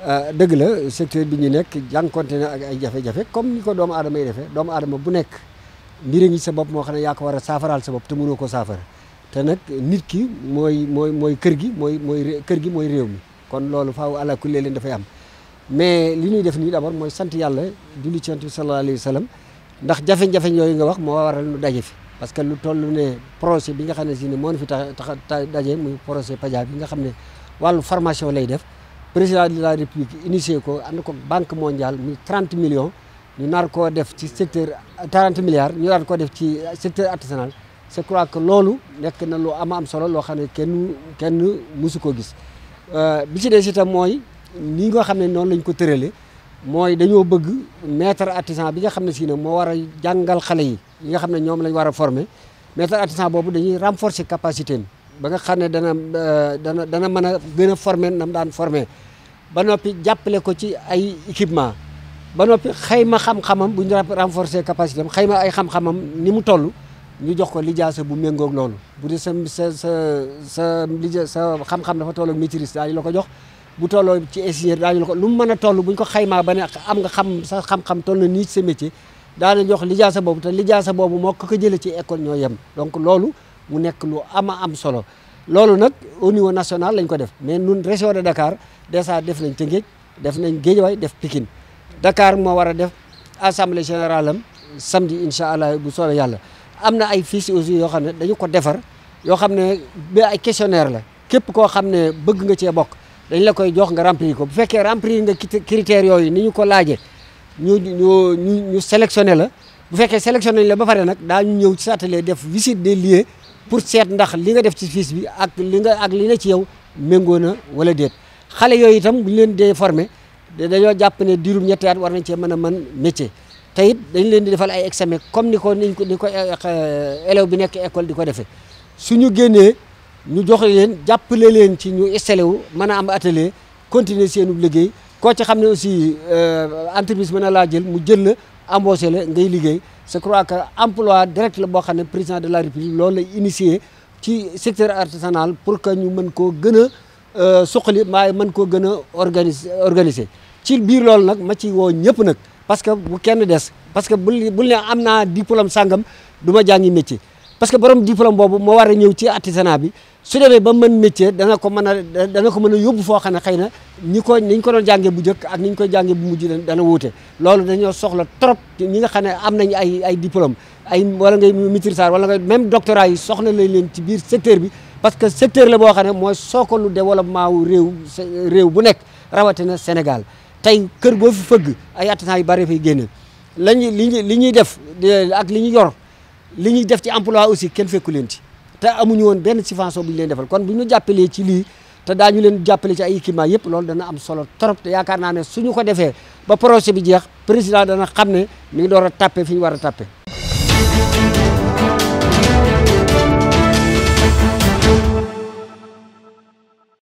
Euh, dëgg la secteur bi ñu nekk jànkonte ne ak ay jafe-jafe comme ni ko doomu aadama yi defee doomu aadama bu nekk mbir a ngi sa bopp moo xam ne yaa ko war a saafaraal sa bopp te mënoo ko saafara te nag nit ki mooy mooy mooy kër gi mooy mooy kër gi mooy réew mi kon loolu faaw ala kullee leen dafay am mais li ñuy def nii d'abord mooy sant yàlla julli ci Yonent bi sallallahu alayhi wa ndax jafe-jafe yooyu nga wax moo waral nu daje fi parce que lu toll ne projet bi nga xam ne si ne moo fi tax tax daje muy projet Paja bi nga xam ne wàllu formation lay def président de la république initié ko and ko banque mondiale muy 30 millions ñu nar ko def ci secteur 40 milliards ñu nar ko def ci secteur artisanal c'est crois que lolu nek na lu am am solo lo xamné kenn kenn musu ko gis euh, bi ci des tam moy ni nga xamné non lañ ko tëralee moy dañoo bëgg maître artisan bi nga xamné ci si ne moo war a yi nga xamné ñom lañ wara former maître artisan bobu dañuy renforcer capacité ba nga xamné euh, dana dana dana mëna gëna former nam daan former ba noppi jàppale ko ci ay équipement ba noppi xayma xam-xamam bu ñu renforcer capacité am xayma ay xam-xamam ni mu toll ñu jox ko lijaasa bu méngoog loolu bu dee sa sa sa sa sa xam dafa toll ak maîtrise la ko jox bu tolloo ci ingénieur daa la ko lu mu mën a toll bu ñu ko xaymaa ba ne am nga xam sa xam-xam na nii ci sa métier daana jox lijaasa boobu te lijaasa boobu moo ko ko jëlee ci école ñoo yem donc loolu mu nekk lu ama am solo loolu nag au niveau national lañ ko def mais nun région de Dakar déjà def nañ Tëngéej def nañ Géejawaay def Pikine Dakar moo war a def assemblée générale am samedi incha allah bu soobee yàlla am na ay fiches aussi yoo xam ne dañu ko defar yoo xam ne ba ay questionnaire la képp koo xam ne bëgg nga cee bokk dañ la koy jox nga remplir ko bu fekkee remplir nga critères yooyu ni ñu ko laajee ñu ñu ñu sélectionné la bu fekkee sélectionné la ba pare nag daa ñu ñëw ci atelier def visite des lieux pour seet ndax li nga def ci fiche bi ak li nga ak li na ci yow méngoo na wala déet xale yooyu itam bu ñu leen dee formé dañoo jàpp ne diirum ñetti at war nañ cee mën a mën métier te it dañ leen di defal ay examen comme ni ko ni ko ni ko eh, élève bi nekk école di ko defee ñu génnee ñu jox leen jàppale leen ci ñu installé wu mën a am atelier continuer seenu liggéey koo ci xam ne aussi euh, entreprise mën a laa jël mu jël la embauché ngay liggéey je crois que emploi direct la boo xam ne président de la république loolu la initié ci secteur artisanal pour que ñu mën koo gën a euh, suqali mën koo gën a organiser organiser ci biir loolu nag ma ci woo ñëpp nag parce que bu kenn des parce que bul bul ne am naa diplôme sàngam du ma jàngi métier parce que borom diplôme boobu moo war a ñëw ci artisanat bi su demee ba mën métier dana ko mën a dana ko mën a yóbbu foo xam ne xëy na ñi ko ni ko doon jàngee bu njëkk ak ni ñu koy jàngee bu mujj dana wuute loolu dañoo soxla trop ñi nga xam ne am nañ ay ay diplôme ay wala ngay maîtrisard wala ngay même doctorat yi soxla lañ leen ci biir secteur bi parce que secteur la boo xam ne mooy sookalu développement wu réew réew bu nekk rawatina Sénégal tey kër boo fëgg ay artisans yu bari fay génne lañu li ñuy li ñuy def ak li ñu yor li ñuy def ci emploi aussi kenn fekku leen ci te amuñu woon benn subvention bu ñu leen defal kon bu ñu jàppalee ci lii daa daañu leen jàppale ci ay équipement yëpp loolu dana am solo trop te yaakaar naa ne suñu ko defee ba projet bi jeex président dana xam ne mi ngi door a tàppe fi ñu war a tàppe